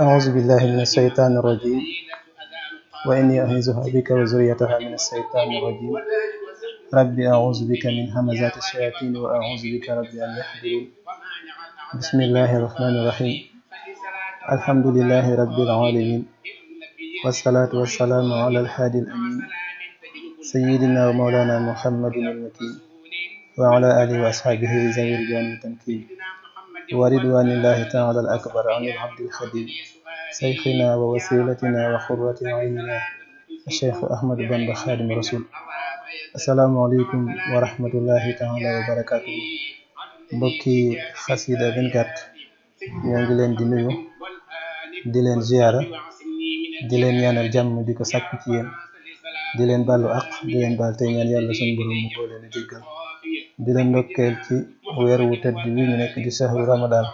أعوذ بالله من الشيطان الرجيم وإني أهزها بك وذريتها من الشيطان الرجيم رب أعوذ بك من همزات الشياطين وأعوذ بك رب أن يحضرون بسم الله الرحمن الرحيم الحمد لله رب العالمين والصلاة والسلام على الحادي الأمين سيدنا ومولانا محمد المتين وعلى آله وأصحابه زي الجان والتمكين wa ridwanillahi taala al akbar an al abdil xadim sayxina wa wasilatina wa xurrati aynina cheikhu ahmadu bamba xaadim rasul asalaamualeykum wa rahmatullahi taala wa barakatuhu mbokki xasida 24 ñoo ngi leen di nuyu di leen ziyaara di leen ñaanal jàmm di ko sàkku ci yéen di leen bàllu aq di leen baal tey ñaan yàlla sunu borom mu boole na jéggal di leen ndokkeel ci weer wu tedd wi ñu nekk di sahru ramadan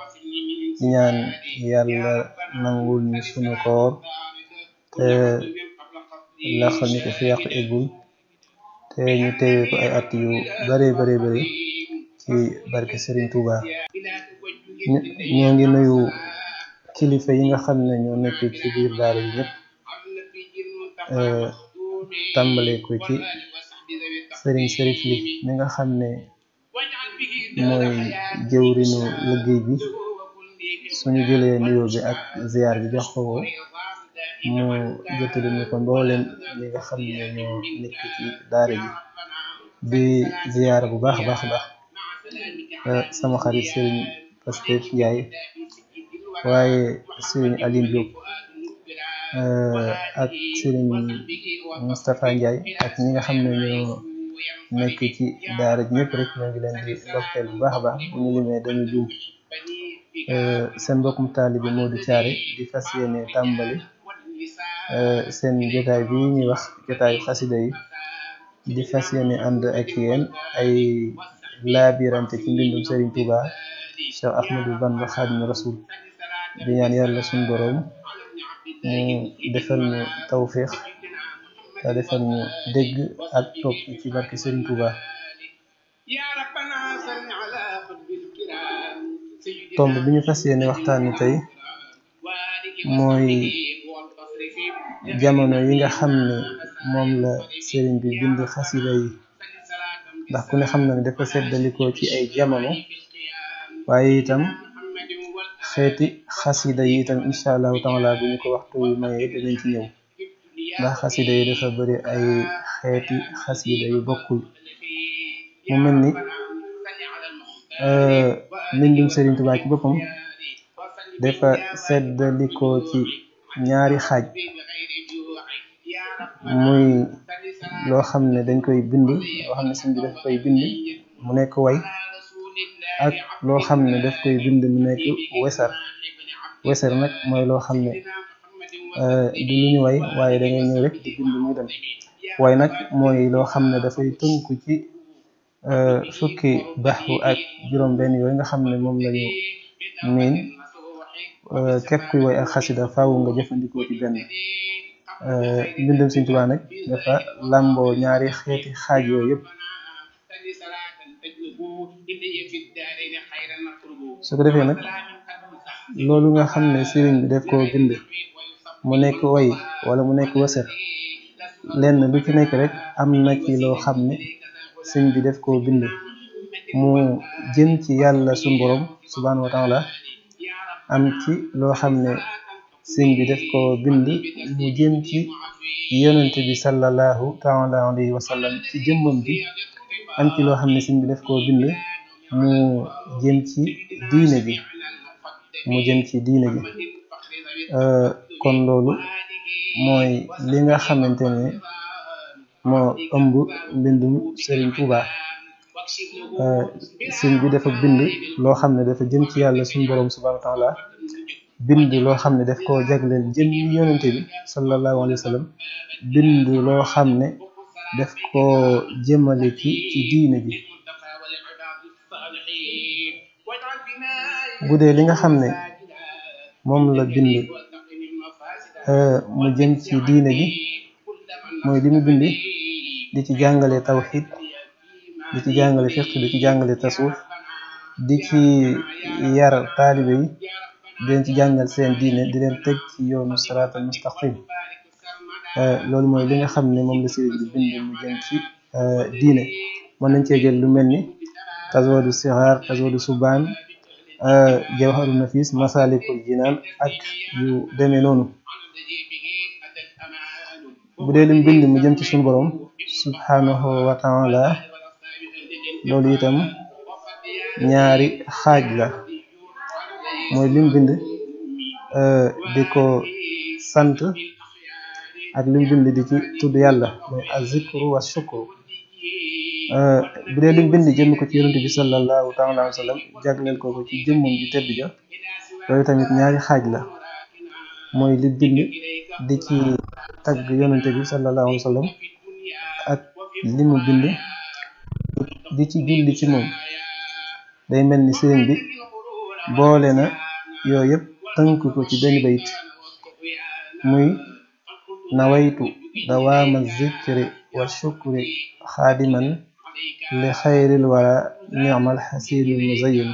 di ñaan yàlla nangul ñu sunu koor te laqal ñu ko fi yàq eggul te ñu teewee ko ay at yu bare bare ci barke Serigne Touba ñoo ngi nuyu kilifa yi nga xam ne ñoo nekk ci biir daal yi ñëpp eh, tàmbale ci sëriñ sërif li nga xam ne mooy jëwrinu liggéey bi suñu jëlee nuyoo bi ak ziar bi jox ko mu jottali ñu ko mbooleem ñi nga xam ne ñoo nekk ci daara ji di ziar bu baax baax baax ah, sama xarit sëriñ Pastef Njaay waaye sëriñ Aline Diop ah, ak sëriñ Moustapha Ndiaye ak ñi nga xam ne ñoo nekk ci daara ñépp rek ñoo ngi leen di ndokkeel bu baax a baax bu ñu limee dañu juum euh, seen mbokkum taalibe Modou Thiaré di fas yéene tàmbali euh, seen jotaay bi ñuy wax jotaayu xasida yi di fas yéene ànd ak yéen ay laabirante ci mbindum Serigne Touba Cheikh Ahmadou Bamba Xaadimu Rasul di ñaan yàlla suñu boroom mu defal ñu tawféex te defal ñu dégg ak topp ci barke Serigne Touba tomb bi ñu fas yéene waxtaani tey mooy jamono yi nga xam ne moom la sëriñ bi bind xasida yi ndax ku ne xam na ne dafa seddalikoo ci ay jamono waaye itam xeeti xasida yi itam incha allahu taala bu ñu ko waxtu may dinañ ci ñëw ndax xasida yi dafa bëri ay xeeti xasida yu bokkul mu mel ni euh, mbindum Sëriñ Tuubaa ci dafa seddalikoo ci ñaari xaaj muy xam ne dañ koy bind loo xam ne sëñ bi bind mu nekk way ak loo xam ne daf koy bind mu nekk wesar wesar nag mooy loo xam ne Eh, du lu way waaye da ngay ñëw rek di bind muy dem waaye nag mooy loo xam ne dafay tënku ci eh, fukki baxru ak juróom-benn yooyu nga xam ne moom lañu ñu miin eh, képp kuy way ak xasida faaw nga jëfandikoo ci benn mbindum Sëñ Tuubaa nag ñaari xeeti xaaj yooyu yëpp su ko defee nag loolu nga xam ne sëriñ bi def ko bind mu nekk way wala mu nekk waset lenn lu ci nekk rek am na ci loo xam ne sëñ bi def ko bind mu jëm ci yàlla suñ borom subhanahu wa ci loo xam ne sëñ bi def koo bind mu jëm ci yonent bi sallallahu taala alayhi ci jëmmam bi am ci loo xam ne sëñ bi def koo bind mu jëm ci diine bi mu jëm ci diine bi kon loolu mooy li nga xamante ne moo ëmb mbindum Serigne Touba euh, sëñ bi dafa bind loo xam ne dafa jëm ci yàlla suñu borom subhanahu wa taala bind loo xam ne daf koo jagleel jëm yonente bi sallallahu alayhi wa bind loo xam ne daf koo jëmale ci ci diine bi bu dee li nga xam ne moom la bind mu jëm ci diine gi mooy li mu bindi di ci jàngale tawxid di ci jàngale fiq di ci jàngale tasawuf di ci yar taalibe yi di ci jàngal seen diine di leen teg ci yoonu siraatal mustaqim loolu mooy li nga xam ne moom la sëriñ bi bind mu jëm ci euh, diine mën nañ cee jël lu mel ni tasawadu sixaar tasawadu subaan euh, jawharu nafis masalikul jinaan ak yu demee noonu bu dee lim bind mu jëm ci suñu borom subhanahu wa taala loolu itam ñaari xaaj la mooy lim bind euh, di ko sant ak lim bind di ci tudd yàlla mooy azikru wa euh, bu dee lim bind jëm ko ci yonent bi sallallahu taala wa sallam jagleel ko ko ci jëmmum ji tedd ja loolu tamit ñaari xaaj la mooy li bind di ci tagg yonente bi sallallahu alayhi wa sallam ak li mu bind di ci julli ci moom day mel ni sëriñ bi boole na yooyu yëpp tënk ko ci benn bayit muy nawaytu dawaama zikri wa shukri xaadiman li xayril wara nimal xasiidul muzayin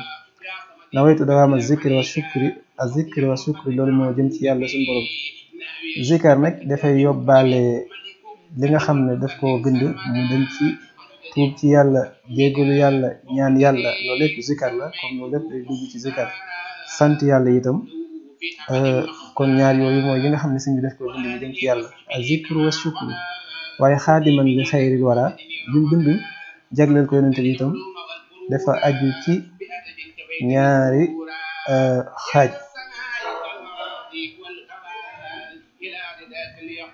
nawaytu dawaama zikri wa shukri ak zikri wa sukri loolu yàlla suñu borom nag dafay yóbbaale li nga xam ne daf ko bind mu dem ci tuub ci yàlla jégalu yàlla ñaan yàlla loolu lépp zikar la comme loolu lépp day dugg ci zikar sant yàlla itam euh, kon ñaar yooyu mooy yi nga xam ne si bi daf koo bind mu jëm ci yàlla ak zikri wa sukri waaye xaadiman li xayril wara biñ bind jagleel ko yonente bi dafa aju ci ñaari euh, xaaj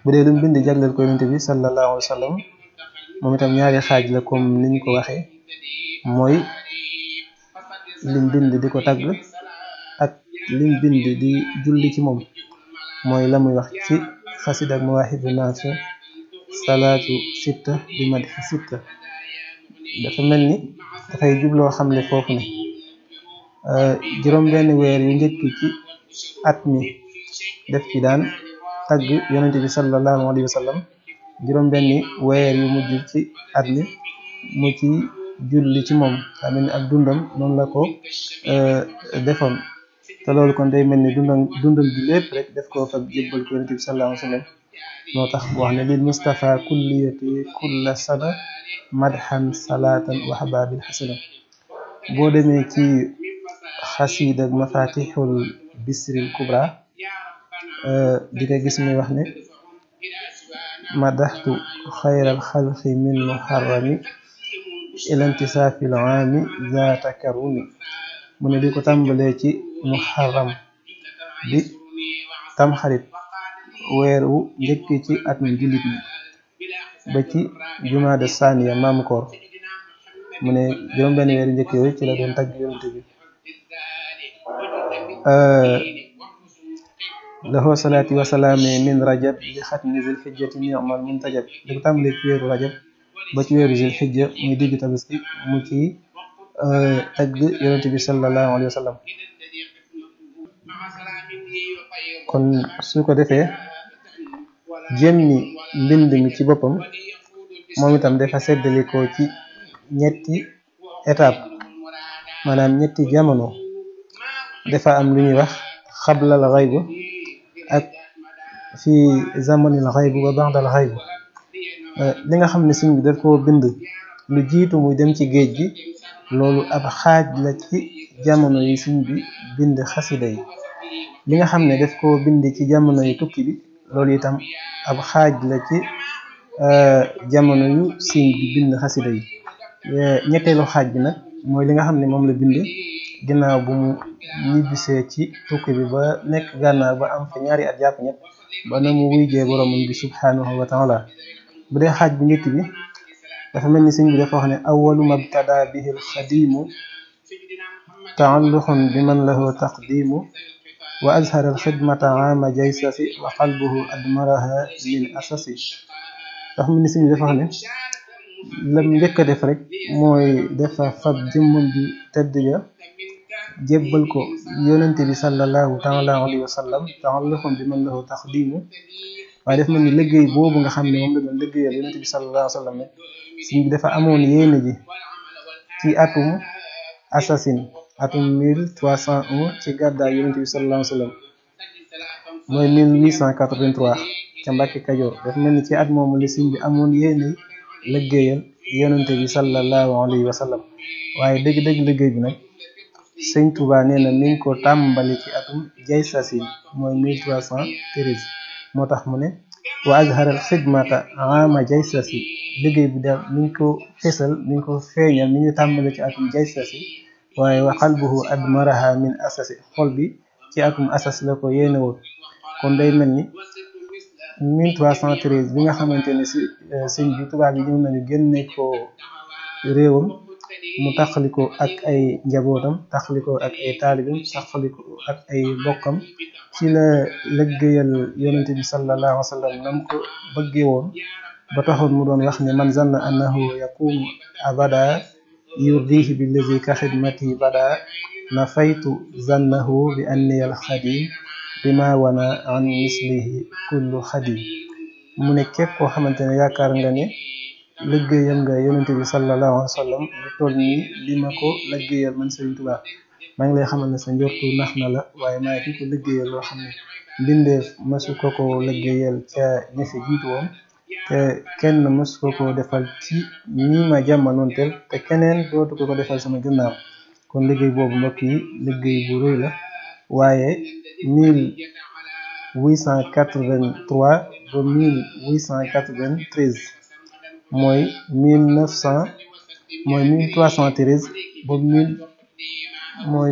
bu dee lu bind jagleel ko yonente bi sallallahu alayhi wa moom itam ñaari xaaj la kom ni ko waxe mooy lim bind di ko tagg ak lim bind di julli ci moom mooy la muy wax ci xasida ak mawaahibu naafi salaatu sitta bi madhi sitta dafa mel ni dafay jubloo xam ne foofu ne euh, juróom benn weer yu njëkk ci at mi def ci daan tagg yonente bi sallallahu alayhi wa sallam juróom-benni weer yu mujj ci at mi ci julli ci moom daa mel ni ak dundam noonu la ko euh, defoon te loolu kon day mel ni dundam dundam bi lépp rek def ko fa jébbal ko yonente bi sallallahu alayhi wa sallam moo tax wax ne lil Mustafa kulliyati kulla sana madhan salatan wa hababil boo demee ci xasiida mafatihul bisril kubra Euh, di ko gis muy wax ne madaxtu xayral xalqi min muharrami ilantisaafil aami zaata karumi mu ne di ko tàmbalee ci muharram di tamxarit weer wu njëkk ci at mi jullit ñi ba ci jumaada saaniya maam koor mu ne juróom benn weer njëkk ci la doon tagg yonent bi euh, lahu salaati wa salaame min rajab li ni zil xijjati ni'mal muntajab di ko tàmbalee weeru rajab ba ci weeru zil xijja muy digg tabaski mu ci euh, tagg yonente bi sallallahu alayhi wa kon su ko defee jëmmi mbind mi ci boppam moom itam dafa seddalikoo ci ñetti étape maanaam ñetti jamono dafa am lu ñuy wax xablal xaybu ak fi zamanil xaybu ba ba'dal xaybu eh, li nga xam ne sëñ bi def koo bind lu jiitu muy dem ci géej gi loolu ab xaaj la ci jamono yi sëñ bi bind xasida yi li nga xam ne daf koo bind ci jamono yi tukki bi loolu itam ab xaaj la ci eh, jamono yu sëñ bi bind xasida yi eh, ñetteelu xaaj bi nag mooy li nga xam ne moom la bind ginnaaw bu mu ñibbisee ci tukki bi ba nekk gànnaar ba am fa ñaari at ñett ba na mu wuyjee boromam bi subhanahu wa taala bu dee xaaj bu njëkk bi dafa mel ni sëñ bi ne awalu mabtada bihi alxadimu bi man lahu taqdimu wa azhara alxidmata ama jaysasi wa qalbuhu admaraha min asasi dafa mel ni siñ bi dafa wax ne lam njëkk a def rek mooy defa fab jëmmam bi tedd ja jébbal ko yonente bi sallallahu taala alayhi wa sallam taxalluqan bi man lahu taqdimu waaye def mel ni liggéey boobu nga xam ne moom la doon liggéeyal yonente bi sallallahu alayhi wa sallam sëñ bi dafa amoon ci atum assassin atum 1301 ci gàddaay yonente bi sallallahu alayhi wa sallam mooy 1883 ca Mbàkke Kajoor ci at moomu la bi amoon yéene liggéeyal yonente bi sallallahu alayhi wa sallam waaye dëgg-dëgg liggéey bi nag sëñ Touba nee na mi ngi ko tàmbali ci atum jay sasin mooy 1313 moo tax mu ne wa azharal xidmata ama jay sasi liggéey bi daal mi ngi ko fesal mi ngi ko feeñal mi ngi tàmbali ci atum jay sasi waaye wa qalbuhu admaraha min asasi xol bi ci atum asas la ko yéene woon kon day mel ni 1313 bi nga xamante ne si eh, sëñ bi tubaab yi ñëw nañu génne ko réewam mu taxaliko ak ay njabootam taxaliko ak ay taalibam taxaliko ak ay bokkam ci la lëggéeyal yonente bi sallallahu wa sallam nam ko bëggee woon ba taxoon mu doon wax ne man zanna annahu yaqumu abada yurdihi billazi ka xidmati bada na zannahu bi anniya alxadim bima wana an mislihi kullu xadim mu ne képp koo xamante ne yaakaar nga ne liggéeyal nga yonente bi sallallahu alayhi wa sallam lu nii li ma ko liggéeyal man Sëriñ Tuubaa maa ngi lay xamal ne sa njortu nax na la waaye maa ngi ko liggéeyal loo xam ne mbindeef masu ko ko liggéeyal ca ña fi jiitu woon te kenn masu ko ko defal ci ñi ma jàmmaloonteel te keneen dootu ko ko defal sama gannaaw kon liggéey boobu mbokk yi liggéey bu rëy la waaye 1883 ba 1893 mooy mille neuf cent mooy mille trois cent treize ba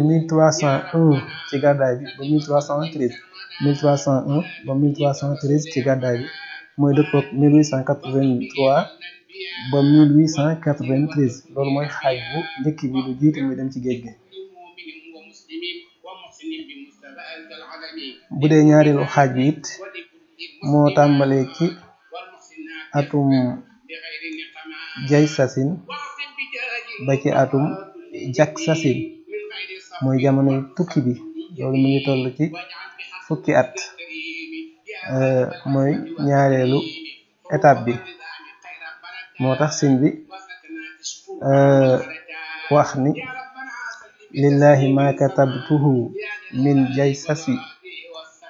mille trois cent un ci gàddaay bi ba mille trois cent treize ba mille trois cent treize ci gàddaay bi mooy dëppoog mille huit cent quatre-vingt-trois ba mille huit cent quatre loolu mooy xaaj bu njëkk bi lu jiitu muy dem ci géej gi bu dee ñaareelu xaaj bi moo tàmbalee atum jay sasin ba ci atum jak sasin mooy jamono tukki bi loolu mu ngi toll ci fukki at euh, mooy ñaareelu étape bi moo tax sëñ bi euh, wax ni lillahi ma katabtuhu min jaysasi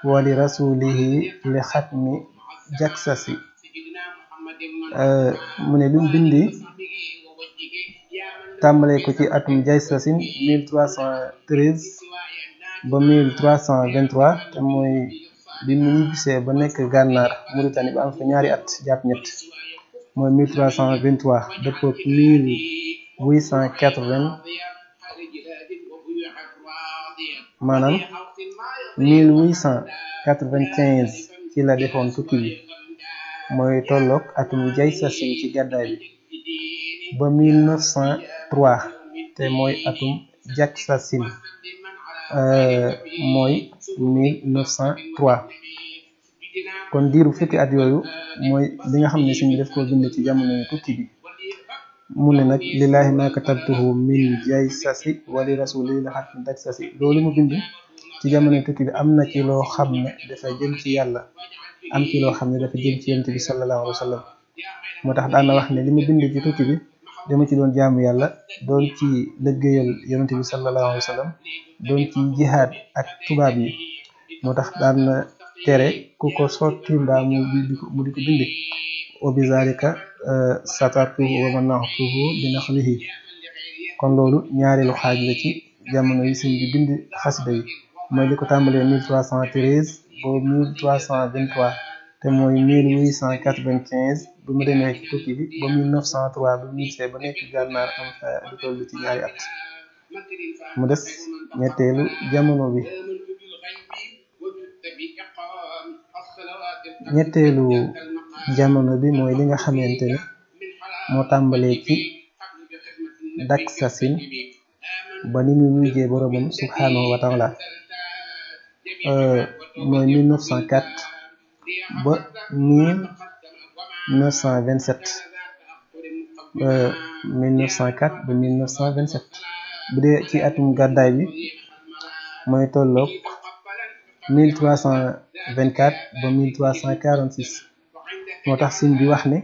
sasi li rasulihi li xatmi jaksasi Euh, mu ne li bindi tàmbalee ko ci atum jaysasin 1313 ba 1323 te mooy bi mu ñibbisee ba nekk gànnaar Mauritanie ba am fa ñaari at jàpp ñett mooy 1323 dëppoo 1880 maanaam 1895 ci la defoon tukki bi mooy tollook atum jay sasin ci gàddaay bi ba 1903 te mooy atum jak sasin euh, mooy 1903 kon diiru fukki at yooyu mooy li nga xam ne suñu def koo bind ci jamono yu tukki bi mu ne nag lillaahi ma katabtuhu min jay sasi wali rasuli la xat dak sasi loolu mu bind ci jamono tukki bi am na ci loo xam ne dafa jël ci yàlla am ci loo xam ne dafa jëm ci yonent bi sallallahu alayhi wa sallam moo tax daan na wax ne li mu bind ci tukki bi dama ci doon jaamu yàlla doon ci lëggéeyal yonent bi sallallahu alayhi wa sallam doon ci jihaad ak tubaab yi moo tax daan na tere ku ko sotti mbaa mu di ko mu di ko bind wa bi zalika euh, satartuhu wa mana'tuhu bi naqlihi kon loolu ñaareelu xaaj la ci jamono yi sëñ bi bind xasida yi mooy li ko tàmbalee ba mille te mooy mille huit cent quatre demee ci tukki bi ba bu mu gisee ba nekk gànnaar ci ñaari at mu des ñetteelu jamono bi mooy li nga xamante ne moo tàmbalee ci daksasin ba ni mu wujjee boromam subhaanahu wa taala Euh, mooy 1904 ba 1927 1904 euh, ba 1927 bu dee ci atum gàddaay bi mooy tolloog 1324 ba moo tax sëñ bi wax ne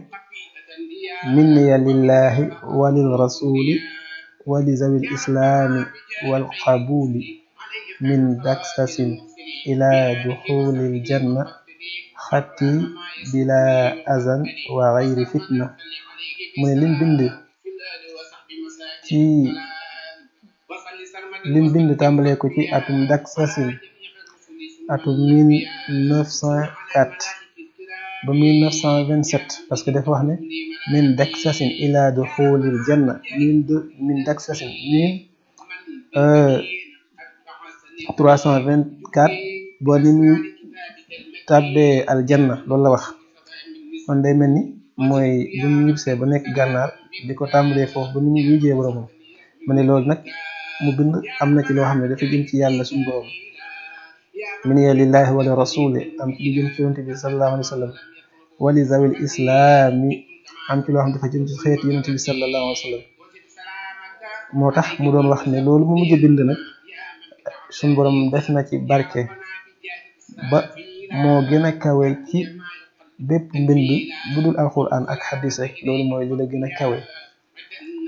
minniya lillahi wa lil rasuli wa li zawil islaami wal qabuli min daksasin إلى دخول الجنة خطي بلا أذى وغير فتنة mu ne lim bind ci lim bind tàmbalee ko ci atum daksasin atum 1904 ba 1927 parce que dafa wax ne min daksasin ila duxulil janna min min daksasin min euh, trois cent vingt quatre boo ni mu tàbbee aljanna loolu la wax kon day mel ni mooy bu mu ñibbisee ba nekk gànnaar bi ko tàmbalee foofu ba ni mu wujjee boromam mu ne loolu nag mu bind am na ci loo xam ne dafa jën ci yàlla suñu borom mu bi sallallahu wa sallam wali zawil islaami am ci loo xam dafa jëm ci xeet yonent bi sallallahu alayhi moo tax mu doon wax ne loolu mu mujj bind nag sun borom def na ci barke ba moo gëna a kawe ci bépp mbind budul dul alquran ak hadis rek loolu mooy li gëna gën kawe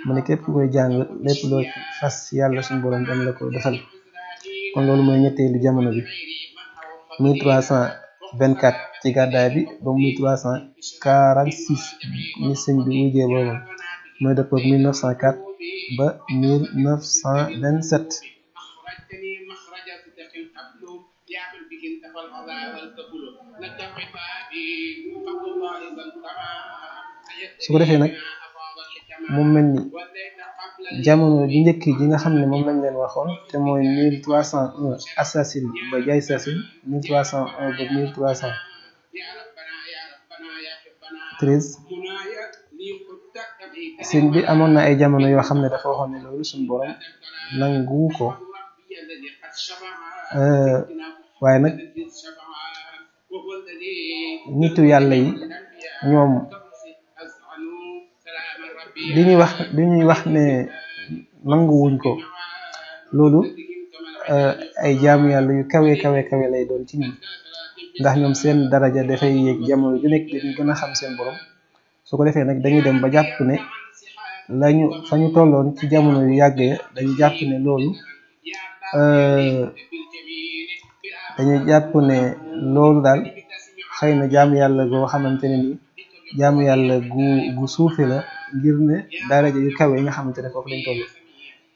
mu ne képp ku koy jàng lépp loo fas yàlla sun borom dem la ko defal kon loolu mooy ñetteelu jamono bi 1324 ci gàddaay bi ba 1346 ni sëñ bi wujjee boobam mooy dëppoog 1904 ba 1927 بهم su ko defee nag mu mel ni jamono ju njëkk ji nga xam ne moom lañ leen waxoon te mooy 1301 assassin ba jaay assassin 1301 ba 1313 sëñ bi amoon na ay jamono yoo xam ne dafa waxoon ne loolu suñu borom nangu ko euh, waaye nag nitu yàlla yi ñoom li ñuy wax li ñuy wax ne nanguwuñ ko loolu eh, ay jaamu yàlla yu kawe kawe kawe lay doon ci ñun ndax ñoom seen daraja dafay yéeg jamono ju nekk dañuy gën a xam seen borom su ko defee nag dañuy dem ba jàpp ne lañu fa ñu tolloon ci jamono yu yàggee dañu jàpp ne loolu eh, dañuy jàpp ne loolu daal xëy na jaamu yàlla goo xamante ne ni jaamu yàlla gu gu la ngir ne daraja yu kawe yi nga xamante ne foofu lañ toll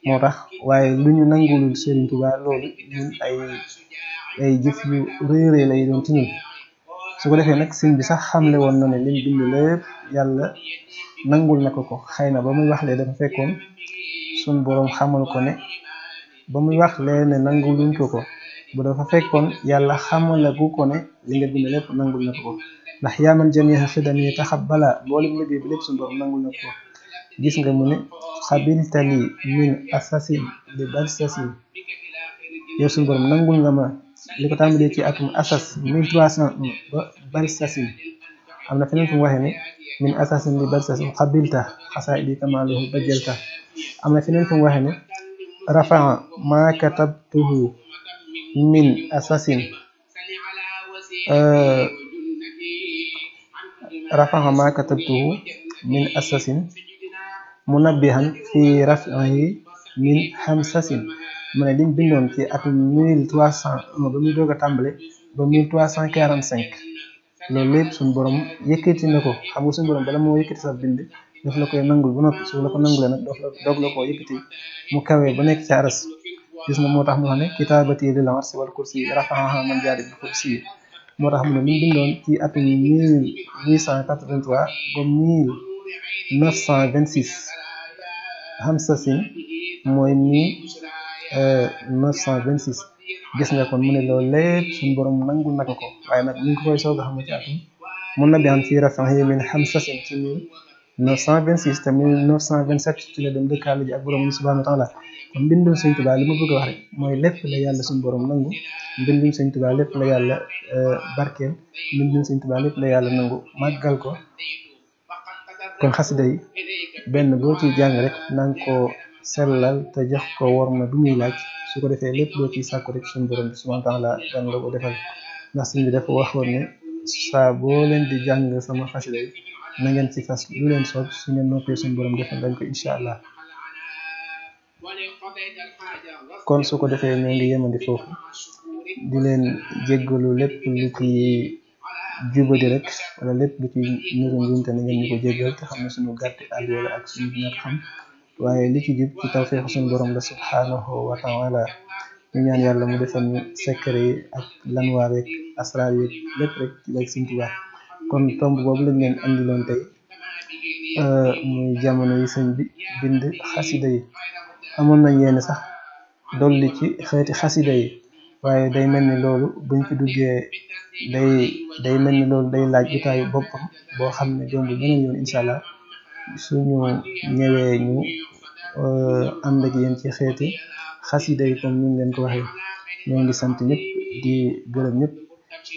moo tax waaye lu ñu nangulul Serigne Touba loolu ñun ay jëf yu réeree lay doon ci ñun su ko defee nag sëñ bi sax xam le woon na ne lim bind lépp yàlla nangul na ko ko xëy na ba muy wax lee dafa fekkoon suñ boroom xamal ko ne ba muy wax lee ne nanguluñ ko ko bu dafa fekkoon yàlla xamalagu ko ne li nga bind lépp nangul na ko ndax yaaman jamiha xidami taxab bala mboolem liggéey bi lépp suñu borom nangul na ko gis nga mu ne xabiltali min asasi li barsasi yow suñu borom nangul nga ma li ko tàmbalee ci atum asas mille trois cent un ba barsasi am na feneen fu mu waxee ne min asasin li barsasin xabilta xasaa idi kamaaluhu bajjalta am na feneen fu min assassin euh, rafaxa ma katabtuhu mu assassin munabbihan fi yi min hamsasin mu ne liñ bindoon ci atum mille trois cent un ba muy doog a tàmbali ba mille trois cent quarante cinq loolu lépp suñu borom yëkkati na ko xam nga suñu borom bala moo yëkkati sa bind daf la su la ko nangulee mu kawee ba nekk ci aras gis nga moo tax mu ne kitaabati lil arsi wal kursi rafaha man jaari bil kursi moo tax mu ne mi ngi bindoon ci atum mille huit cent quatre-vingt-trois ba mille neuf cent vingt-six Hamza Singh mooy mille neuf cent vingt-six gis nga kon mu ne loolu lépp suñu borom nangul naka ko waaye nag ñu ngi koy soog a xam ci atum mun na bi am fii rafahi min Hamza Singh ci mille neuf cent vingt-six te mille neuf cent vingt-sept ci la dem dëkkaale ji ak borom subhanahu wa taala kon mbindum sëñ Tuubaa li ma bëgg a wax rek mooy lépp la yàlla suñu borom nangu mbindum sëñ Tuubaa lépp la yàlla euh, barkeel mbindum sëñ Tuubaa lépp la yàlla nangu màggal ko kon xasida yi benn boo ciy jàng rek na nga koo sellal te jox ko war ma bi muy laaj su ko defee lépp loo ciy sàkku rek suñu borom bi subhaanahu wa taala daan ko defal ndax sëñ bi dafa waxoon ne saa boo leen di jàng sama xasida yi na ngeen ci fas lu leen soob su ngeen noppee suñu borom defal dañ ko incha allah kon su ko defee ñoo ngi yemandi foofu di leen jéggalu lépp lu ci jubadi rek wala lépp lu ci niru njuumte na ngeen ñu ko jéggal te xam ne suñu gàtti àll la ak suñu ñàkk xam waaye li ci jub ci tawfeex suñu borom la subhaanahu wa taala ñu ñaan yàlla mu defal ñu secret yi ak lanwaa rek asraar yi lépp rek ci lay Sëñ Tuubaa kon tomb boobu lañ leen andi loon tey euh, muy jamono yi sëñ bi bind xasida yi amoon nañ yéen sax dolli ci xeeti xasida yi waaye day mel ni loolu buñ fi duggee day day mel ni loolu day laaj jotaayu boppam boo xam ne jomb beneen yoon incha allah suñu ñëwee ñu euh, ànd ak yéen ci xeeti xasida yi comme ni ñu leen ko waxee ñoo ngi sant ñëpp di gërëm ñëpp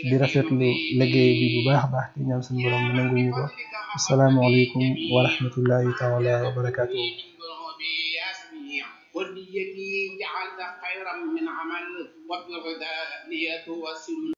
di rafetlu liggéey bi bu baax a baax di ñaan suñu borom nangu ñu ko asalaamaaleykum wa rahmatullahi taala wa barakaatu. والنية جعلت خيرا من عمل وبالغداء نيته وسلم